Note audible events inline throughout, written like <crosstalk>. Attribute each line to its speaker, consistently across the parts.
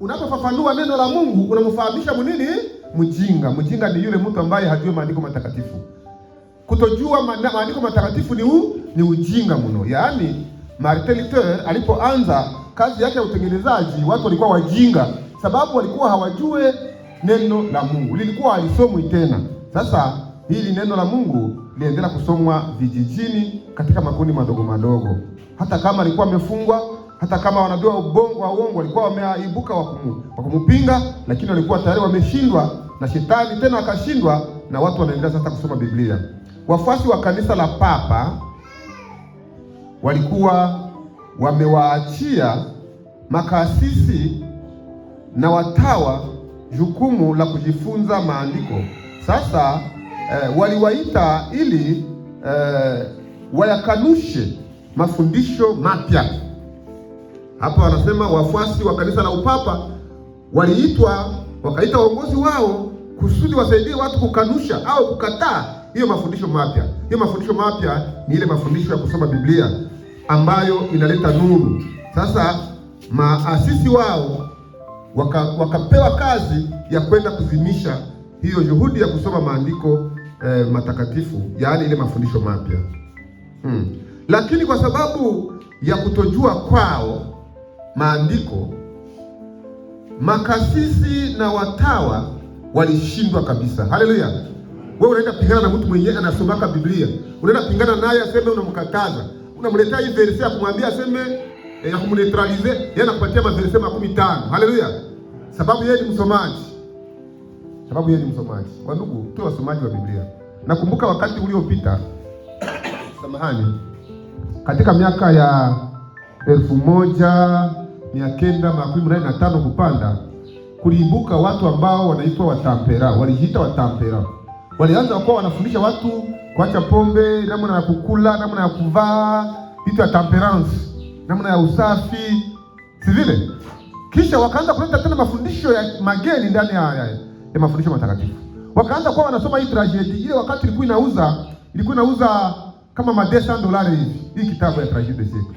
Speaker 1: Unapofafanua neno la Mungu unamfahamisha mnini mjinga. Mjinga ni yule mtu ambaye hajui maandiko matakatifu. Kutojua maandiko matakatifu ni u, ni ujinga mno. Yaani Martin Luther alipoanza kazi yake ya utengenezaji, watu walikuwa wajinga, sababu walikuwa hawajue neno la Mungu, lilikuwa halisomwi tena. Sasa hili neno la Mungu liendelea kusomwa vijijini, katika makundi madogo madogo, hata kama alikuwa amefungwa hata kama wanaambiwa ubongo wa uongo walikuwa wameaibuka kumupinga lakini walikuwa tayari wameshindwa na shetani, tena wakashindwa na watu wanaendelea sasa kusoma Biblia. Wafuasi wa kanisa la Papa walikuwa wamewaachia makasisi na watawa jukumu la kujifunza maandiko. Sasa eh, waliwaita ili eh, wayakanushe mafundisho mapya hapa wanasema wafuasi wa kanisa la upapa waliitwa, wakaita waongozi wao kusudi wasaidie watu kukanusha au kukataa hiyo mafundisho mapya. Hiyo mafundisho mapya ni ile mafundisho ya kusoma Biblia ambayo inaleta nuru. Sasa maasisi wao waka, wakapewa kazi ya kwenda kuzimisha hiyo juhudi ya kusoma maandiko eh, matakatifu, yaani ile mafundisho mapya hmm. Lakini kwa sababu ya kutojua kwao maandiko, makasisi na watawa walishindwa kabisa. Haleluya! Wewe unaenda pingana na mtu mwenyewe anasomaka Biblia, unaenda pingana naye aseme, unamkataza, unamletea hii verse ya kumwambia aseme eh, ya eh, kumneutralize yeye, anakupatia maverse makumi tano. Haleluya! Sababu yeye ni msomaji, sababu yeye ni msomaji. Kwa ndugu tu wasomaji wa Biblia, nakumbuka wakati uliopita <coughs> samahani, katika miaka ya elfu moja mia kenda makumi mnane na tano kupanda, kuliibuka watu ambao wanaitwa watampera, walijiita watampera. Walianza kuwa wanafundisha watu kuacha pombe, namna ya kukula, namna ya kuvaa, vitu ya temperance, namna ya usafi, si vile. Kisha wakaanza kuleta tena mafundisho ya mageni ndani ya, ya, ya mafundisho matakatifu. Wakaanza kuwa wanasoma hii tragedy ile, wakati ilikuwa inauza ilikuwa inauza kama madesa 200 hivi, hii kitabu ya tragedy zetu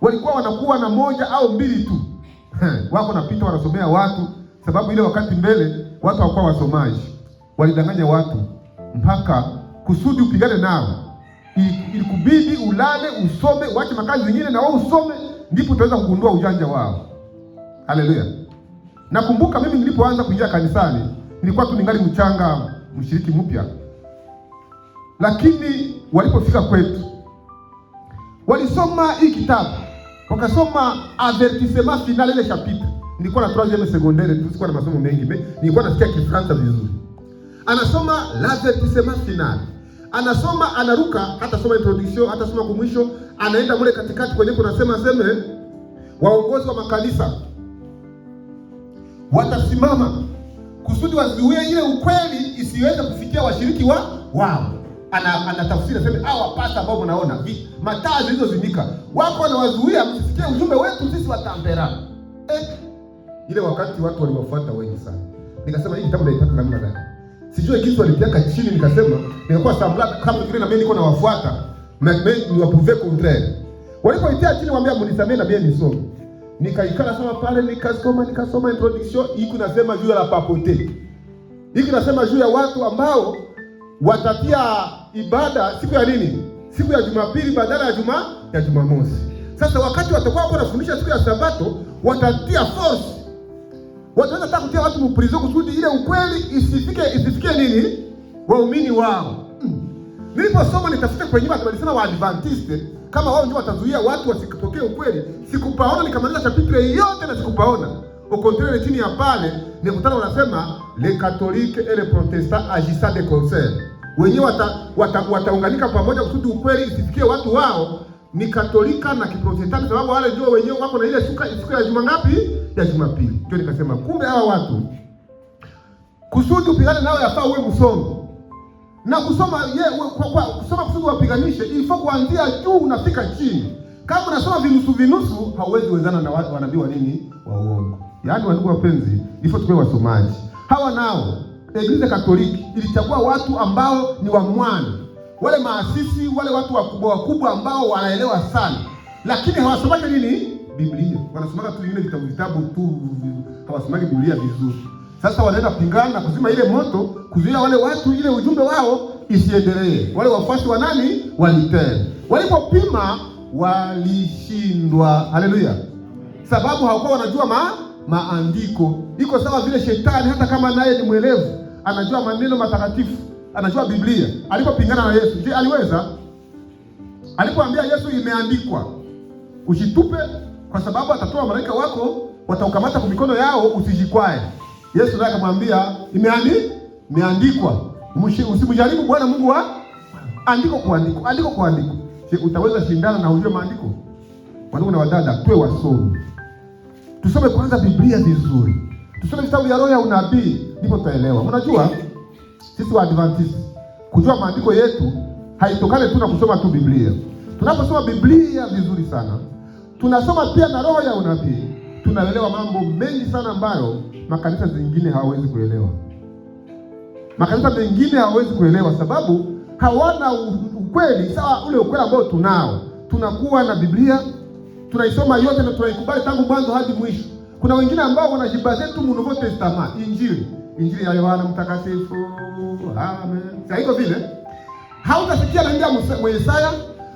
Speaker 1: walikuwa wanakuwa na moja au mbili tu wako napita wanasomea watu, sababu ile wakati mbele watu hawakuwa wasomaji, walidanganya watu mpaka kusudi upigane nao, ilikubidi ulale usome, uache makazi mengine na wao usome, ndipo utaweza kugundua ujanja wao. Haleluya! Nakumbuka mimi nilipoanza kuingia kanisani nilikuwa tu ningali mchanga, mshiriki mpya, lakini walipofika kwetu walisoma hii kitabu wakasoma avertissement final ile chapitre. Nilikuwa na troisieme secondaire sikuwa na masomo mengi me, nilikuwa nasikia Kifaransa vizuri. Anasoma l'avertissement final, anasoma anaruka, hata soma introduction, hata soma kumwisho, anaenda mule katikati kwenye kunasema sema eh? waongozi wa makanisa watasimama kusudi wazuie ile ukweli isiweze kufikia washiriki wa wao anatafsiri ana sema hawa pasta ambao mnaona mataa zilizozimika wako wanawazuia msisikie ujumbe wetu sisi wa Tampera. Eh, ile wakati watu waliwafuata wengi sana, nikasema hii kitabu naipata namna gani? Sijui kitu walipiaka chini, nikasema nikakuwa samla kama vile na mimi niko nawafuata na ni wapuve contraire. Walipoitia chini mwambia mnisamee na mimi nisome. Nikaikala sama pale nikasoma nikasoma introduction iko nasema juu ya la papote. iko nasema juu ya watu ambao watatia ibada siku ya nini? Siku ya Jumapili badala ya juma ya Jumamosi. Sasa wakati watakuwa wako nafundisha siku ya Sabato, watatia force, wataweza hata kutia watu mprizo kusudi ile ukweli isifike isifike nini waumini wao. Hmm. Niliposoma nitafuta kwenye watu walisema wa Adventiste kama wao ndio watazuia watu wasikipokee ukweli. Sikupaona, nikamaliza chapitre yote na sikupaona. Ukontrole chini ya pale nikutana, wanasema le catholique et le protestant agissant de concert wenyewe wataunganika wata, wata pamoja kusudi ukweli isifikie watu wao ni Katolika na Kiprotestanti, sababu wale ndio wenyewe wako na ile shuka siku ya juma ngapi? Ya Jumapili. Ndio nikasema kumbe hawa watu kusudi upigane nao yafaa uwe msomi na kusoma ye, we, kwa, kwa, kusoma kusudi wapiganishe ilifo kuanzia juu unafika chini. Kama unasoma vinusu vinusu hauwezi wezana na wanabii wa nini wa uongo. Yaani, wandugu wapenzi, ifo tuwe wasomaji hawa nao Eglise Katoliki ilichagua watu ambao ni wa mwani, wale maasisi, wale watu wakubwa wakubwa ambao wanaelewa sana, lakini hawasomaje nini Biblia, wanasomaga tu ile vitabu vitabu tu, hawasomaje Biblia vizuri. Sasa wanaenda pingana na kuzima ile moto, kuzuia wale watu ile ujumbe wao isiendelee. Wale wafuasi wa nani walipenda, walipopima walishindwa. Haleluya, sababu hawakuwa wanajua maana maandiko. Iko sawa vile shetani, hata kama naye ni mwelevu, anajua maneno matakatifu, anajua Biblia. Alipopingana na Yesu, je, aliweza? Alipoambia Yesu, imeandikwa usitupe, kwa sababu atatoa malaika wako, wataukamata kwa mikono yao, usijikwae. Yesu naye akamwambia, imeandikwa, imeandikwa, usimjaribu Bwana Mungu wa andiko kwa andiko, andiko kwa andiko. Je, utaweza shindana na ujue maandiko? Wandugu na wadada, tuwe wasomi. Tusome kwanza Biblia vizuri, tusome kitabu ya roho ya unabii, ndipo tutaelewa. Unajua sisi wa Adventist kujua maandiko yetu haitokane tu na kusoma tu Biblia. Tunaposoma Biblia vizuri sana, tunasoma pia na roho ya unabii, tunaelewa mambo mengi sana ambayo makanisa zingine hawawezi kuelewa. Makanisa mengine hawawezi kuelewa sababu hawana ukweli sawa ule ukweli ambao tunao. Tunakuwa na Biblia tunaisoma yote na tunaikubali tangu mwanzo hadi mwisho. Kuna wengine ambao wanajibazia zetu mu Nouveau Testament, Injili, Injili ya Yohana Mtakatifu. Amen. Sasa hivyo vile hautasikia naenda mu Isaya,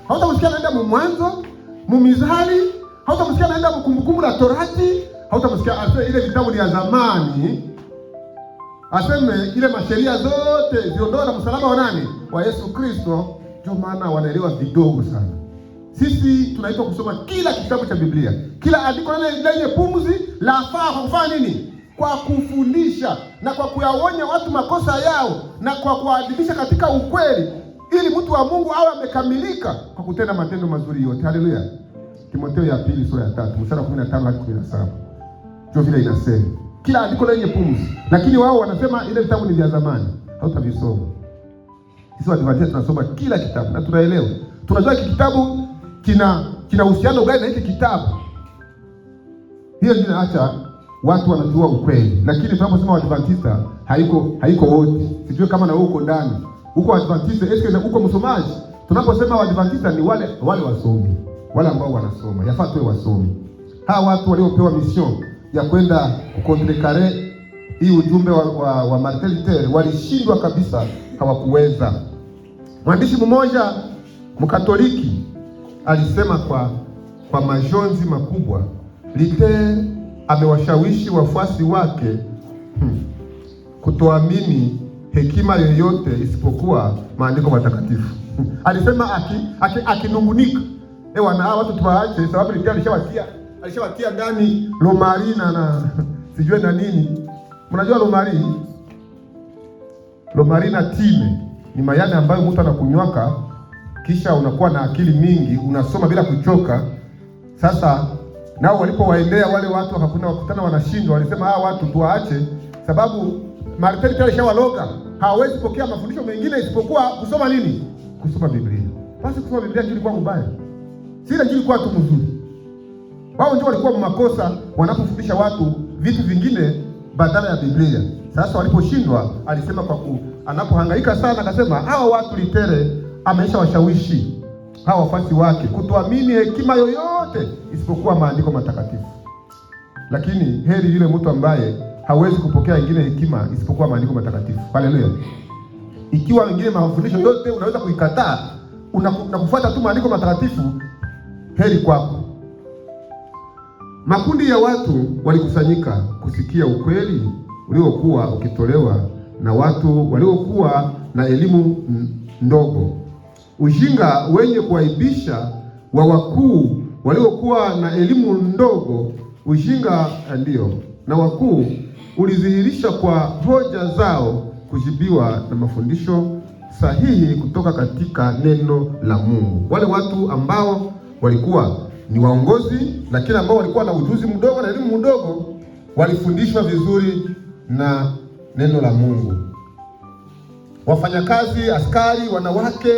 Speaker 1: hautamsikia naenda mu Mwanzo, mu Mizali, hautamsikia naenda mu Kumbukumbu la Torati, hautamsikia ase ile vitabu vya zamani. Aseme ile masheria zote ziondoa na msalaba wa nani? Wa Yesu Kristo. Ndio maana wanaelewa vidogo sana. Sisi tunaitwa kusoma kila kitabu cha Biblia, kila andiko lenye pumzi lafaa kwa kufanya nini? Kwa kufundisha na kwa kuyaonya watu makosa yao na kwa kuwaadibisha katika ukweli, ili mtu wa Mungu awe amekamilika kwa kutenda matendo mazuri yote. Haleluya! Timotheo ya pili sura ya tatu mstari wa hadi 17, ndio vile inasema kila andiko lenye pumzi. Lakini wao wanasema ile vitabu ni vya zamani, hautavisoma. Sisi Waadventista tunasoma kila kitabu na tunaelewa, tunajua kitabu kina kina uhusiano gani na hiki kitabu? Hiyo ndio inaacha watu wanajua ukweli, lakini tunaposema Waadventista haiko haiko wote, sijue kama na uko ndani huko Adventista, eske uko msomaji. Tunaposema Waadventista ni wale wale wasomi, wale ambao wanasoma, yafaa tuwe wasomi. Hawa watu waliopewa mission ya kwenda kukontrekare hii ujumbe wa, wa, wa Martin Luther walishindwa kabisa, hawakuweza. Mwandishi mmoja mkatoliki alisema kwa, kwa majonzi makubwa. Lite amewashawishi wafuasi wake hmm, kutoamini hekima yoyote isipokuwa maandiko matakatifu. Hmm, alisema aki, aki, E, wana watu tuwaache, sababu Lite alishawatia alishawatia ndani lomari na na <laughs> sijue na nini. Mnajua lomari, lomari na time ni mayani ambayo mtu anakunywaka kisha unakuwa na akili mingi, unasoma bila kuchoka. Sasa nao walipowaendea wale watu wakakuna wakutana wanashindwa, walisema hawa ah, watu tuwaache, sababu Marteli tayari alishawaloga, hawawezi kupokea mafundisho mengine isipokuwa kusoma nini? Kusoma Biblia. Basi kusoma Biblia ndio ilikuwa mbaya, si ile ilikuwa tu mzuri. Wao ndio walikuwa makosa wanapofundisha watu vitu vingine badala ya Biblia. Sasa waliposhindwa, alisema kwa ku anapohangaika sana, akasema hawa watu litere amesha washawishi hawa wafuasi wake kutoamini hekima yoyote isipokuwa maandiko matakatifu. Lakini heri yule mtu ambaye hawezi kupokea ingine hekima isipokuwa maandiko matakatifu. Haleluya! Ikiwa ingine mafundisho yote unaweza kuikataa na kufuata tu maandiko matakatifu, heri kwako. Makundi ya watu walikusanyika kusikia ukweli uliokuwa ukitolewa na watu waliokuwa na elimu ndogo. Ujinga wenye kuaibisha wa wakuu waliokuwa na elimu ndogo, ujinga eh, ndio na wakuu ulidhihirisha kwa hoja zao kujibiwa na mafundisho sahihi kutoka katika neno la Mungu. Wale watu ambao walikuwa ni waongozi, lakini ambao walikuwa na ujuzi mdogo na elimu mdogo walifundishwa vizuri na neno la Mungu. Wafanyakazi, askari, wanawake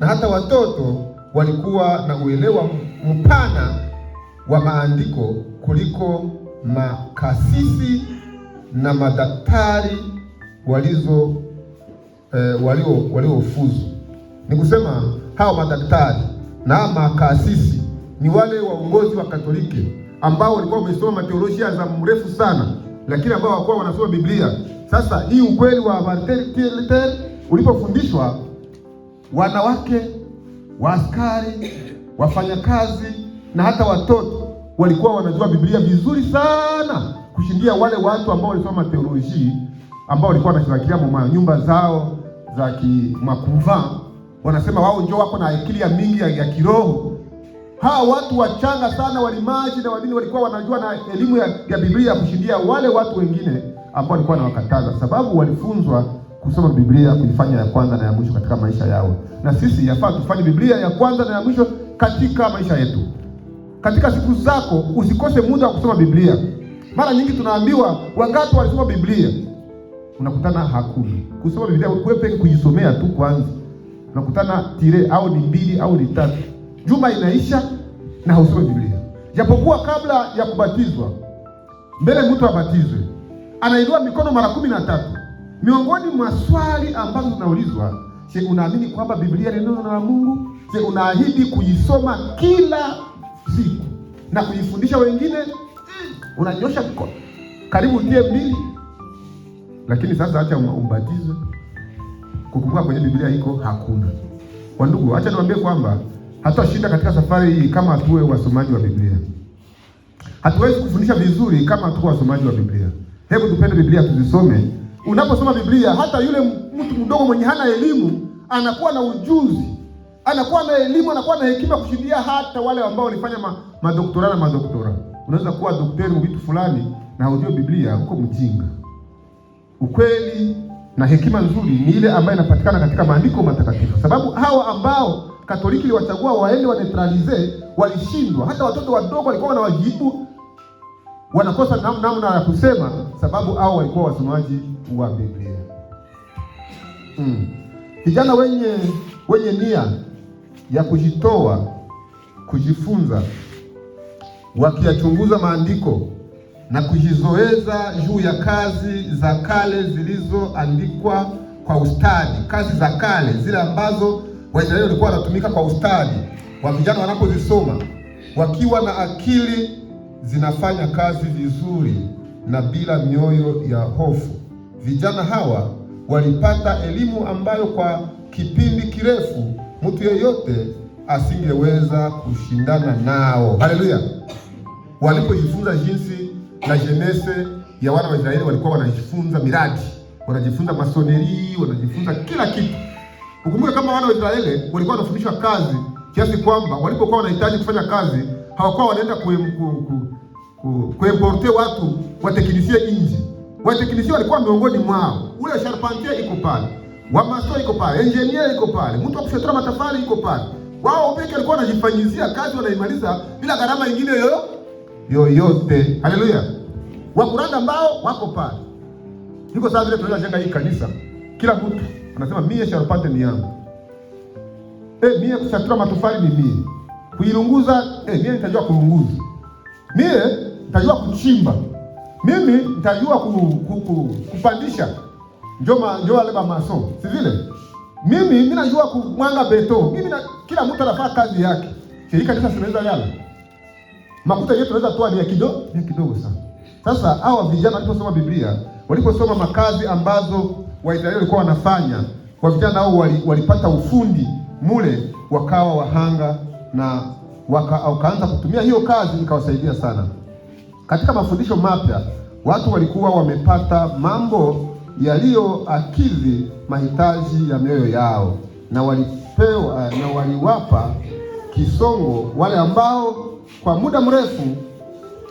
Speaker 1: na hata watoto walikuwa na uelewa mpana wa maandiko kuliko makasisi na madaktari walizo eh, walio waliofuzu. Ni kusema hao madaktari na makasisi ni wale waongozi wa Katoliki ambao walikuwa wamesoma mateolojia za mrefu sana, lakini ambao hawakuwa wanasoma Biblia. Sasa hii ukweli wa Martin Luther ulipofundishwa wanawake, waaskari, wafanyakazi na hata watoto walikuwa wanajua Biblia vizuri sana kushindia wale watu ambao walisoma teolojia ambao walikuwa wanashirikia mwa nyumba zao za kimakuva. Wanasema wao njoo wako na akili ya mingi ya, ya kiroho. Hawa watu wachanga sana walimaji na wadini walikuwa wanajua na elimu ya, ya Biblia kushindia wale watu wengine ambao walikuwa wanawakataza, sababu walifunzwa kusoma Biblia kuifanya ya kwanza na ya mwisho katika maisha yao, na sisi yafaa tufanye Biblia ya kwanza na ya mwisho katika maisha yetu. Katika siku zako usikose muda wa kusoma Biblia. Mara nyingi tunaambiwa wangapi walisoma Biblia, unakutana hakuna kusoma Biblia. Wewe peke kujisomea tu kwanza, unakutana tire au ni mbili au ni tatu, juma inaisha na hausome Biblia, japokuwa kabla ya kubatizwa mbele mtu abatizwe anainua mikono mara kumi na tatu Miongoni mwa swali ambazo zinaulizwa, je, unaamini kwamba Biblia ni neno la Mungu? Je, unaahidi kuisoma kila siku na kuifundisha wengine? Unanyosha mkono karibu ndiye mbili, lakini sasa acha umbatize. Kukumbuka kwenye Biblia iko hakuna. Kwa ndugu, acha niwaambie kwamba hatashinda katika safari hii kama hatuwe wasomaji wa Biblia. Hatuwezi kufundisha vizuri kama hatuko wasomaji wa Biblia. Hebu tupende Biblia, tuzisome Unaposoma Biblia, hata yule mtu mdogo mwenye hana elimu anakuwa na ujuzi, anakuwa na elimu, anakuwa na hekima kushindia hata wale ambao walifanya madoktora na madoktora. Unaweza kuwa daktari wa vitu fulani na hujui Biblia, uko mjinga. Ukweli na hekima nzuri ni ile ambayo inapatikana katika maandiko matakatifu, sababu hawa ambao Katoliki liwachagua waende neutralize walishindwa. Hata watoto wadogo walikuwa wanawajibu wanakosa namna ya kusema, sababu au walikuwa wasomaji wa Biblia. Vijana hmm. mm. wenye wenye nia ya kujitoa kujifunza, wakiyachunguza maandiko na kujizoeza juu ya kazi za kale zilizoandikwa kwa ustadi, kazi za kale zile ambazo Waisraeli walikuwa wanatumika kwa ustadi, wa vijana wanapozisoma wakiwa na akili zinafanya kazi vizuri na bila mioyo ya hofu. Vijana hawa walipata elimu ambayo kwa kipindi kirefu mtu yeyote asingeweza kushindana nao. Haleluya! Walipojifunza jinsi na jenese ya wana wa Israeli, walikuwa wanajifunza miradi, wanajifunza masoneri, wanajifunza kila kitu. Ukumbuke kama wana wa Israeli walikuwa wanafundishwa kazi kiasi kwamba walipokuwa wanahitaji kufanya kazi hawakuwa wanaenda ku kuimporte watu wateknisie nje. Wateknisie walikuwa miongoni mwao, ule sharpantie iko pale, wamaso iko pale, engineer iko pale, mtu akusetra kusetra matafari iko pale. Wao peke alikuwa wanajifanyizia kazi wanaimaliza bila gharama ingine yoyote. Haleluya! wakuranda mbao wako pale, niko saa vile tunaweza jenga hii kanisa, kila mtu anasema mie sharpante ni yangu eh, mie kusatura matofali ni mie kuilunguza eh, mie nitajua kulunguza mie nitajua kuchimba, mimi nitajua ku, ku, ku, kupandisha njoma njo wale maso si vile mimi mimi najua kumwanga beto mimi na, kila mtu anafaa kazi yake. Shirika lisa tunaweza yale makuta yetu tunaweza toa ni kidogo ni kidogo sana. Sasa hawa vijana waliposoma Biblia, waliposoma makazi ambazo Waisraeli walikuwa wanafanya kwa vijana hao, walipata ufundi mule, wakawa wahanga na waka, wakaanza kutumia hiyo kazi, ikawasaidia sana. Katika mafundisho mapya watu walikuwa wamepata mambo yaliyoakidhi mahitaji ya mioyo yao, na walipewa eh, na waliwapa kisongo wale ambao kwa muda mrefu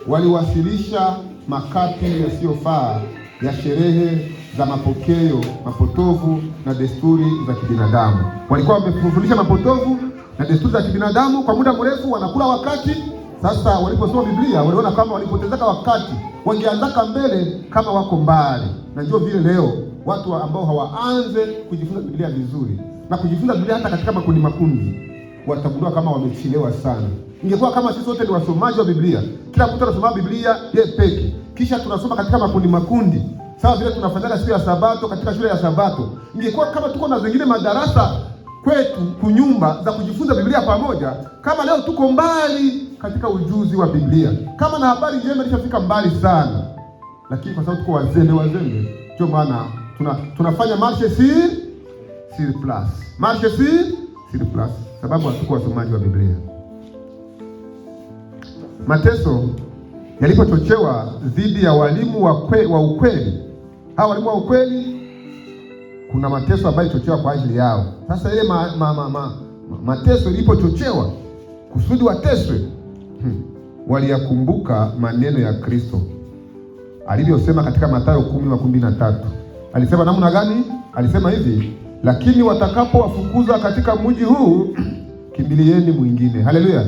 Speaker 1: waliwasilisha makati yasiyofaa ya sherehe za mapokeo mapotovu na desturi za kibinadamu. Walikuwa wamefundisha mapotovu na desturi za kibinadamu kwa muda mrefu, wanakula wakati sasa waliposoma Biblia waliona kama walipotezeka wakati, wangeanzaka mbele kama wako mbali. Najua vile leo watu ambao hawaanze kujifunza Biblia vizuri na kujifunza Biblia hata katika makundi makundi, watagundua kama wamechelewa sana. Ingekuwa kama sisi wote ni wasomaji wa Biblia, kila mtu anasoma Biblia ye peke, kisha tunasoma katika makundi makundi sawa vile tunafanyaga siku ya Sabato katika shule ya Sabato. Ingekuwa kama tuko na zingine madarasa kwetu kunyumba za kujifunza Biblia pamoja, kama leo tuko mbali katika ujuzi wa Biblia. Kama na habari njema ilishafika mbali sana, lakini kwa sababu tuko wazembe wazembe, ndio maana tuna, tunafanya marche si si plus marche si si plus, sababu hatuko wasomaji wa Biblia. Mateso yalipochochewa dhidi ya walimu wa, kwe, wa ukweli hawa walimu wa ukweli, kuna mateso ambayo ilichochewa kwa ajili yao. Sasa ile ma, ma, ma, ma, mateso ilipochochewa kusudi wateswe hmm, waliyakumbuka maneno ya Kristo alivyosema katika Mathayo kumi makumi na tatu. Alisema namna gani? Alisema hivi, lakini watakapowafukuza katika mji huu <clears throat> kimbilieni mwingine. Haleluya!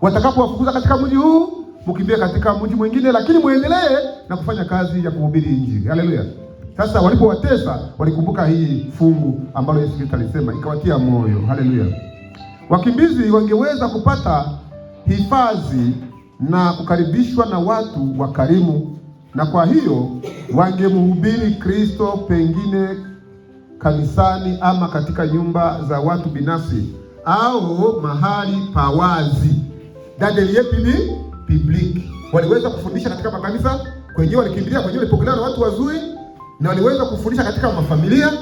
Speaker 1: watakapowafukuza katika mji huu mkimbie katika mji mwingine, lakini muendelee na kufanya kazi ya kuhubiri Injili. Haleluya! Sasa walipowatesa walikumbuka hii fungu ambalo Yesu Kristo alisema, ikawatia moyo. Haleluya! wakimbizi wangeweza kupata hifadhi na kukaribishwa na watu wakarimu, na kwa hiyo wangemhubiri Kristo pengine kanisani ama katika nyumba za watu binafsi au mahali pa wazi dadelie pibi public. Waliweza kufundisha katika makanisa kwenyewe, walikimbilia kwenyewe, walipokelewa na watu wazuri, na waliweza kufundisha katika mafamilia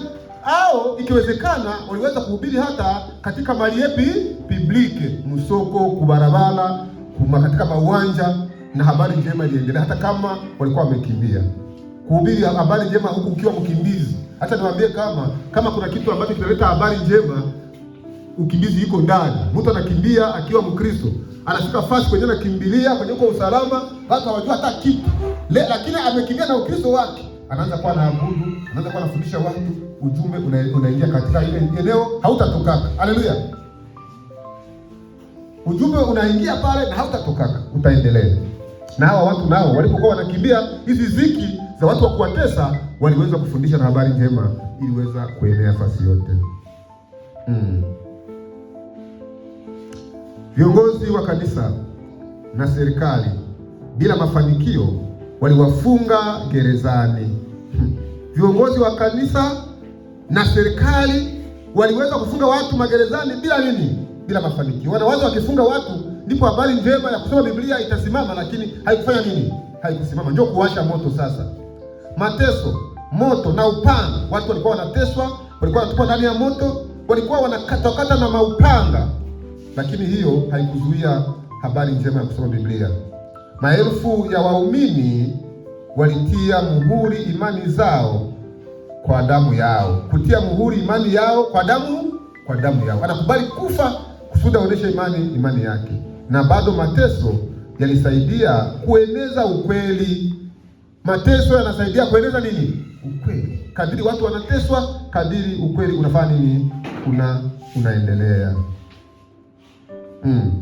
Speaker 1: au ikiwezekana waliweza kuhubiri hata katika mali yepi publike, msoko, kubarabara, kuma katika mauwanja, na habari njema iliendelea, hata kama walikuwa wamekimbia kuhubiri habari njema huku ukiwa mkimbizi. Hata niwaambie kama kama kuna kitu ambacho kinaleta habari njema, ukimbizi iko ndani. Mtu anakimbia akiwa Mkristo, anafika fasi kwenye anakimbilia kwenye uko usalama, hata wajua hata kitu, lakini amekimbia na Ukristo wake, anaanza kuwa anaabudu, anaanza kuwa anafundisha watu ujumbe unaingia katika ile eneo, hautatokaka. Haleluya! Ujumbe unaingia pale na hautatokaka, utaendelea. Na hawa watu nao walipokuwa wanakimbia hizi ziki za watu wa kuwatesa, waliweza kufundisha na habari njema iliweza kuenea fasi yote. Mm. Viongozi wa kanisa na serikali bila mafanikio waliwafunga gerezani. Hmm. Viongozi wa kanisa na serikali waliweza kufunga watu magerezani bila nini? Bila mafanikio. Wanawaza wakifunga watu ndipo habari njema ya kusoma Biblia itasimama, lakini haikufanya nini? Haikusimama, ndio kuwasha moto. Sasa mateso, moto na upanga. Watu walikuwa wanateswa, walikuwa wanatupwa ndani ya moto, walikuwa wanakatakata na maupanga, lakini hiyo haikuzuia habari njema ya kusoma Biblia. Maelfu ya waumini walitia muhuri imani zao kwa damu yao, kutia muhuri imani yao kwa damu kwa damu yao. Anakubali kufa kusudi aoneshe imani imani yake, na bado mateso yalisaidia kueneza ukweli. Mateso yanasaidia kueneza nini? Ukweli. Kadiri watu wanateswa, kadiri ukweli unafanya nini? Una unaendelea mm.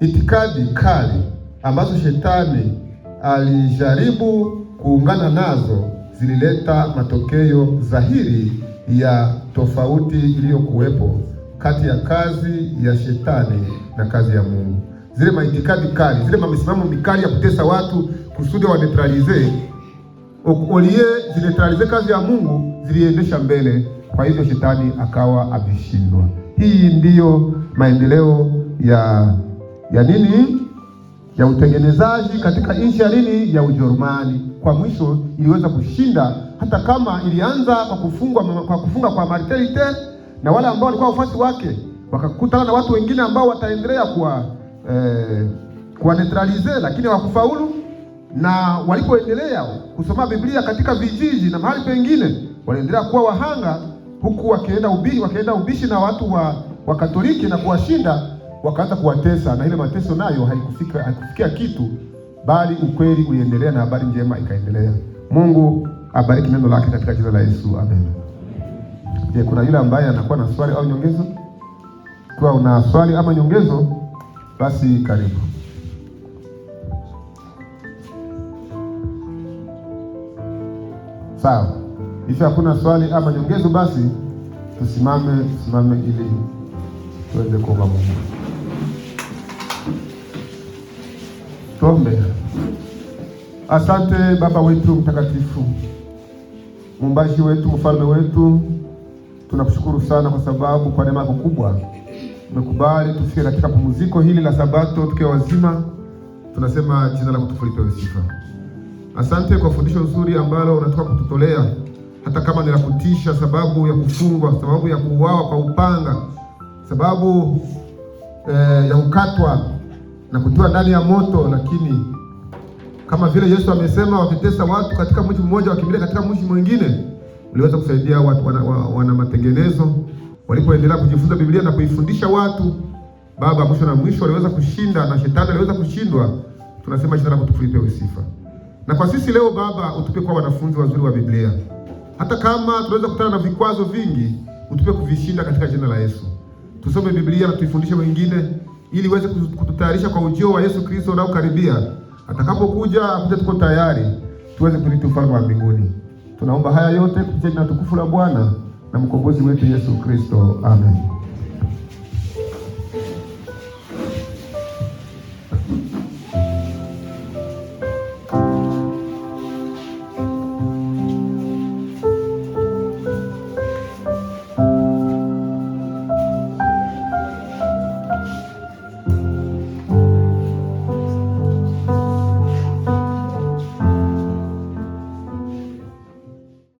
Speaker 1: Itikadi kali ambazo shetani alijaribu kuungana nazo zilileta matokeo dhahiri ya tofauti iliyokuwepo kati ya kazi ya shetani na kazi ya Mungu. Zile maitikadi kali, zile mamisimamo mikali ya kutesa watu kusudi wanetralize olie, zinetralize kazi ya Mungu, ziliendesha mbele. Kwa hivyo shetani akawa ameshindwa. Hii ndiyo maendeleo ya ya nini ya utengenezaji katika nchi ya lini ya Ujerumani. Kwa mwisho iliweza kushinda, hata kama ilianza kwa kufunga kwa, kufunga kwa Martelite na wale ambao walikuwa wafuasi wake wakakutana na watu wengine ambao wataendelea kuwa eh, kuwa neutralize, lakini hawakufaulu. Na walipoendelea kusoma Biblia katika vijiji na mahali pengine, waliendelea kuwa wahanga, huku wakienda ubishi, wakienda ubishi na watu wa, wa Katoliki na kuwashinda wakaanza kuwatesa, na ile mateso nayo haikufika haikufikia kitu, bali ukweli uliendelea na habari njema ikaendelea. Mungu abariki neno lake katika jina la Yesu, amen. Je, kuna yule ambaye anakuwa na swali au nyongezo? Kwa una swali ama nyongezo, basi karibu. Sawa, hivyo hakuna swali ama nyongezo, basi tusimame, tusimame ili tuende kuomba Mungu. Tuombe. Asante Baba wetu mtakatifu, muumbaji wetu, mfalme wetu, tunakushukuru sana kwa sababu kwa neema yako kubwa umekubali tufike katika pumziko hili la Sabato tukiwa wazima. Tunasema jina la kutufu lipewe sifa. Asante kwa fundisho nzuri ambalo unatoka kututolea, hata kama ni la kutisha, sababu ya kufungwa, sababu ya kuuawa kwa upanga, sababu eh, ya kukatwa na kutua ndani ya moto. Lakini kama vile Yesu amesema, wakitesa watu katika mji mmoja wakimbilia katika mji mwingine, uliweza kusaidia watu wana, wana matengenezo. Walipoendelea kujifunza Biblia na kuifundisha watu, Baba mwisho na mwisho waliweza kushinda na shetani aliweza kushindwa. Tunasema jina lako tukufu sifa. Na kwa sisi leo Baba, utupe kwa wanafunzi wazuri wa Biblia, hata kama tunaweza kukutana na vikwazo vingi, utupe kuvishinda katika jina la Yesu. Tusome Biblia na tuifundishe wengine ili iweze kututayarisha kwa ujio wa Yesu Kristo unaokaribia. Atakapokuja akuja tuko tayari, tuweze kurithi ufalme wa mbinguni. Tunaomba haya yote kupitia jina tukufu la Bwana na mkombozi wetu Yesu Kristo, amen.